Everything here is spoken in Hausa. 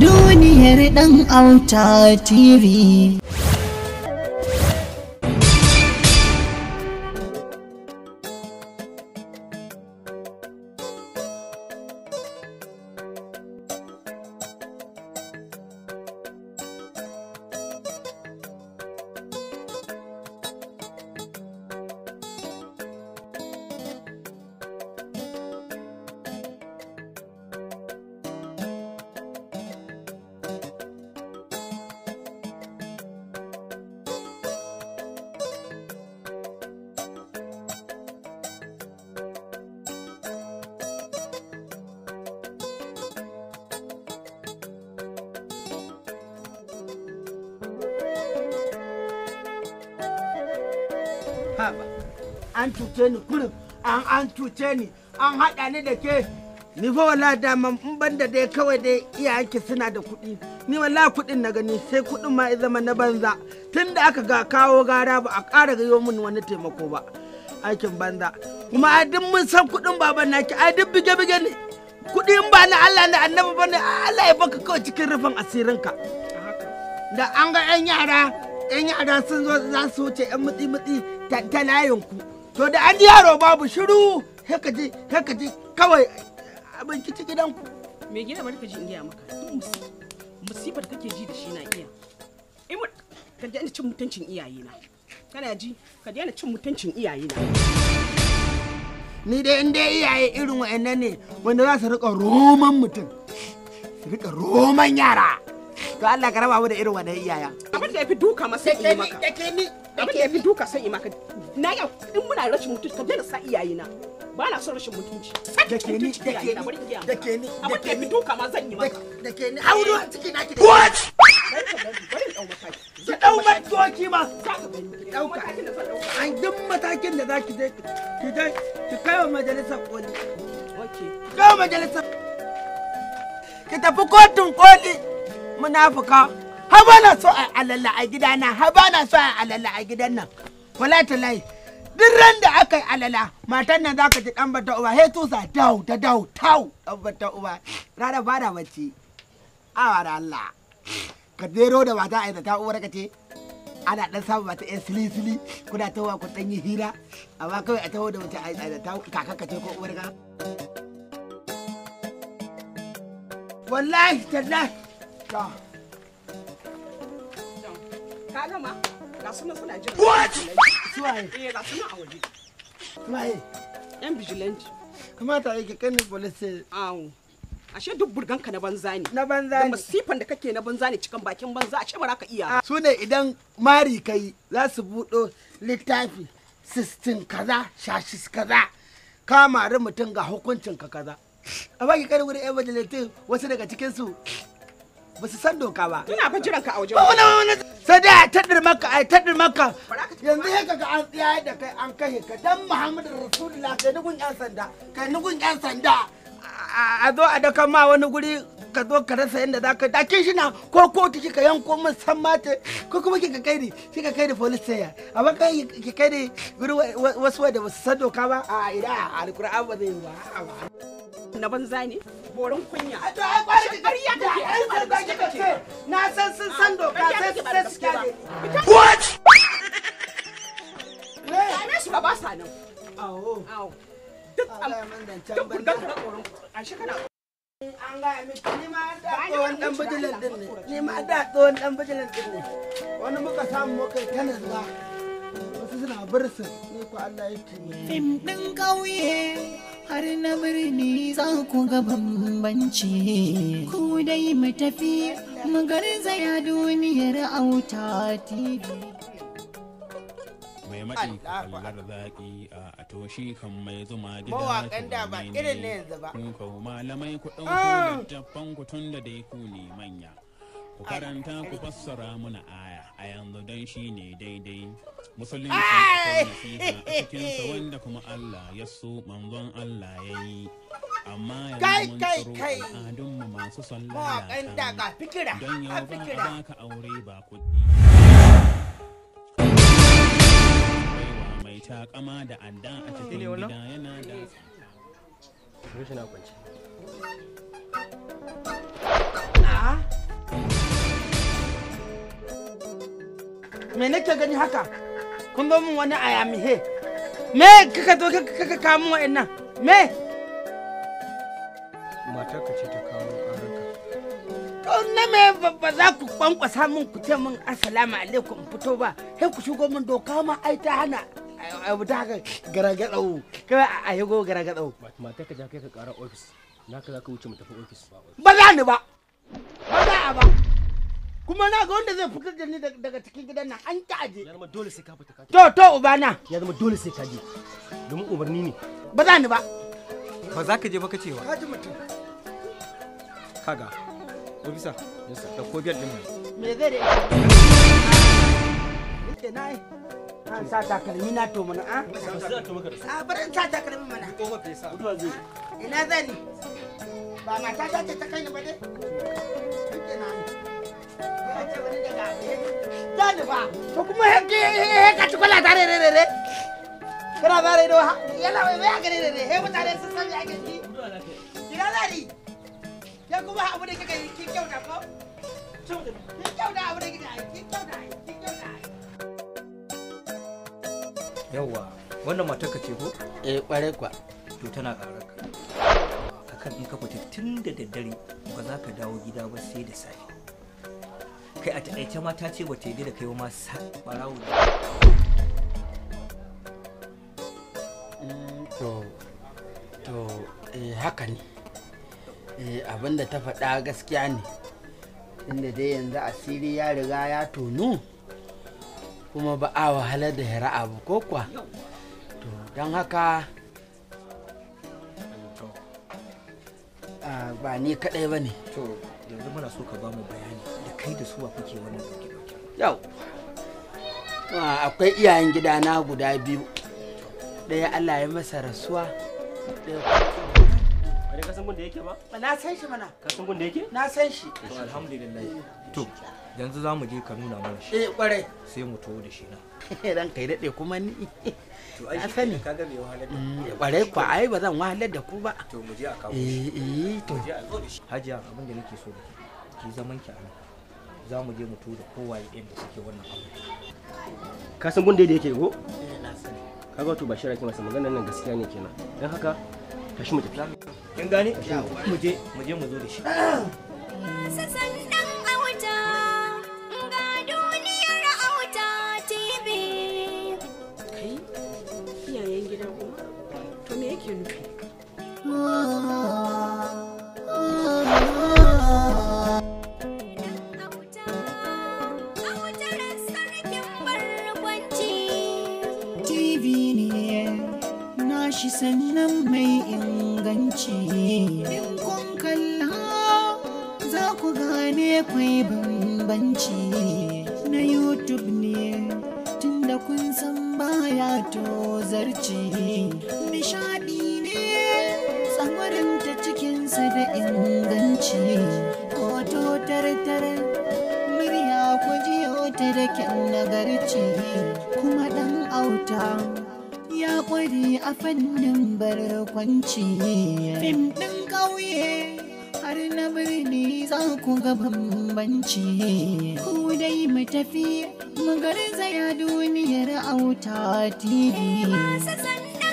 Duniyar ɗan auta TV. an cuce ni kurin an an cuce ni an haɗa ni da ke ni fa wala dama in da dai kawai dai iyayenki suna da kuɗi ni wala kuɗin na gani sai kuɗin ma ya zama na banza tun da aka ga kawo gara ba a ƙara gayo min wani taimako ba aikin banza kuma a duk mun san kuɗin baban naki a duk bige-bige ne kuɗin ba na Allah na annabi ba ne Allah ya baka kawai cikin rufin asirinka da an ga 'yan yara 'yan yara sun zo za su wuce 'yan mutsi-mutsi ta layinku to da an yaro babu shiru haka ji haka ji kawai abin kici gidanku me gina bari ka ji in gaya maka musibar kake ji da shi na iya in ka daina cin mutuncin iyayena kana ji ka daina cin mutuncin ni dai in dai iyaye irin wa'annan ne wanda za su rika roman mutum su rika roman yara to Allah ka raba mu da irin wannan iyayen abin da ya duka masa maka abin da ya fi duka son ima ka na yau in muna rashin mutunci ka sa iyayena ba na son rashin mutunci da ke ni da ke ni da ke ni da duka ma zan yi maka da ke ni a ciki da ki ma an duk matakin da ki je ki je ki kai wa majalisar koli kai wa majalisar ki tafi kotun koli munafuka habana na so a alalla a gidana habana ba na so a alalla a gidan nan wala talai duk ran da aka yi alala matan nan za ka ji dan bata uba he tusa dau da dau tau dan bata uba rana bada na bacci awa da Allah ka dero da mata a yi ta uwar ka ce ana dan samu mata yan sili sili kuna tawa ku dan yi hira amma kawai a taho da mace a yi ta kakan ka ce ko uwar ka wallahi tallahi Ka gama? Ga suna suna jira. What? Suwaye. Eh ga suna a waje. Suwaye. Yan vigilante. Kamata yake kan police. Awo. she duk burgan ka na banza ne na banza ne da masifan da kake na banza ne cikin bakin banza ashe ba ka iya su ne idan mari kai za su buɗo littafi sistin kaza shashis kaza ka mari mutum ga hukuncin ka kaza a baki kare wurin yan majalitin wasu daga cikin su ba su san doka ba ina fa jiran ka a wajen ba sai dai a taɗir maka a tadir maka yanzu ya kaga an tsaye da kai an kashe ka dan muhammadu rasulullah sai nugun yan sanda kai nugun yan sanda a zo a dakan ma wani guri ka zo ka rasa yadda za ka dakin shi na ko kotu kika yanko min san mate ko kuma kika kai ni kika kai ni police a ba kai kika kai ni guri wasu wadda ba su san doka ba a ina alkur'an ba zai yi ba na banza ne borin kunya a to ai can banda an ni ma dan wani muka samu ko kauye har na birni za ku ga bambanci ku dai mu tafi mu garzaya duniyar auta tv mai maɗi kallar zaƙi a toshi kan mai zuma gida mawaƙan da ba irin ba kun kawo malamai ku kuna ah! littattafan ku tun da dai ku ne manya ku karanta ku fassara muna aya a yanzu dan shi ne daidai musulunci a cikinsa wanda kuma Allah ya so manzon Allah ya yi amma kai kai kai al'adunmu masu sallah don yau ba a baka aure ba kuɗi mai kama da anda a cikin gida yana da rashin akwanci me nake gani haka kun ba mun wani ayamihe me kaka zo kaka kamo wa ina me mata ka ce ta kawo ƙararka na me ba za ku kwankwasa min ku ce min assalamu alaikum fito ba sai ku shigo min doka ma ai ta hana abu ta haka gara garagaɗau kawai a yi go gara yago garagaɗau mata ka ja kai ka ƙara ofis na ka za ka wuce mu tafi ofis ba za ni ba ba za a ba kuma na ga wanda zai fitar da ni daga cikin gidan nan an ta aje ya dole sai ka fita ka to to ubana ya zama dole sai ka je domin umarni ne ba za ni ba ba za ka je ba ka cewa ka ji mutum kaga ofisa da ko biyar din me zai da ita na An sa takalmi na to mana a? Ah? A ah, bari in sa takalmi mana. Ina zan ni? Ba mata ta ce ta kai ni ba dai? Dani ba, ko kuma ka ci kwala tare rere re. Kana ba tare da yana mai bai gare rere, he mutane sun san me ake ji. Ina zani? Ya kuma abu da kika Ki kin kyauta ko? ki kyauta abu da kika yi, kin kyauta, kin kyauta. yawa wannan matar ka ce ko eh kware kwa to tana karaka ka kan in ka fita tun da daddare ba za ka dawo gida ba sai da safe kai a taƙaice ma ta ce ba ta yi da kai ma sa barawo mm, to to eh haka ne eh abinda ta faɗa gaskiya ne inda dai yanzu asiri ya riga ya tonu kuma ba a wahalar da hara'a ba ko kuwa to don haka ba ni kadai ba ne to yanzu muna so ka ba mu bayani da kai da suwa kuke wani yau akwai iyayen gida na guda biyu ɗaya allah ya masa rasuwa ɗaya kuma ka san gun da yake ba? Ba na san shi mana. Ka san gun da yake? Na san shi. alhamdulillah. To yanzu za mu je ka nuna mana shi eh kwarai sai mu tuwo da shi na ran kai dade kuma ni to ai ka ga me wahalar da kwarai mm, kwa ai ba zan wahalar da ku ba to mu je a kawo shi eh, eh to je a zo da shi hajiya abin da nake so da ki zaman ki a za mu je mu tuwo da kowaye ɗin da suke wannan abu ka san gunde da yake go eh na sani kaga wato ba masa maganar nan gaskiya ne kenan dan haka tashi mu tafi kin gane mu je mu je mu zo da shi shi sannan mai inganci in kun kalla za ku gane kwai bambanci na youtube ne tunda kun san baya to zarci nishadi ne tsamarinta cikinsa da inganci hoto tartar murya ku jiyo ta da kyan nagarci kuma dan auta ya ƙware a fannin barkwanci fim din ƙauye har na birni za ku ga bambanci ku dai mu tafi mu garzaya duniyar auta tv